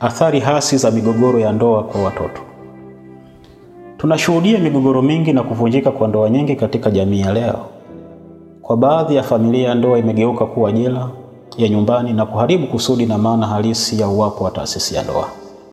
Athari hasi za migogoro ya ndoa kwa watoto. Tunashuhudia migogoro mingi na kuvunjika kwa ndoa nyingi katika jamii ya leo. Kwa baadhi ya familia, ndoa imegeuka kuwa jela ya nyumbani na kuharibu kusudi na maana halisi ya uwapo wa taasisi ya ndoa.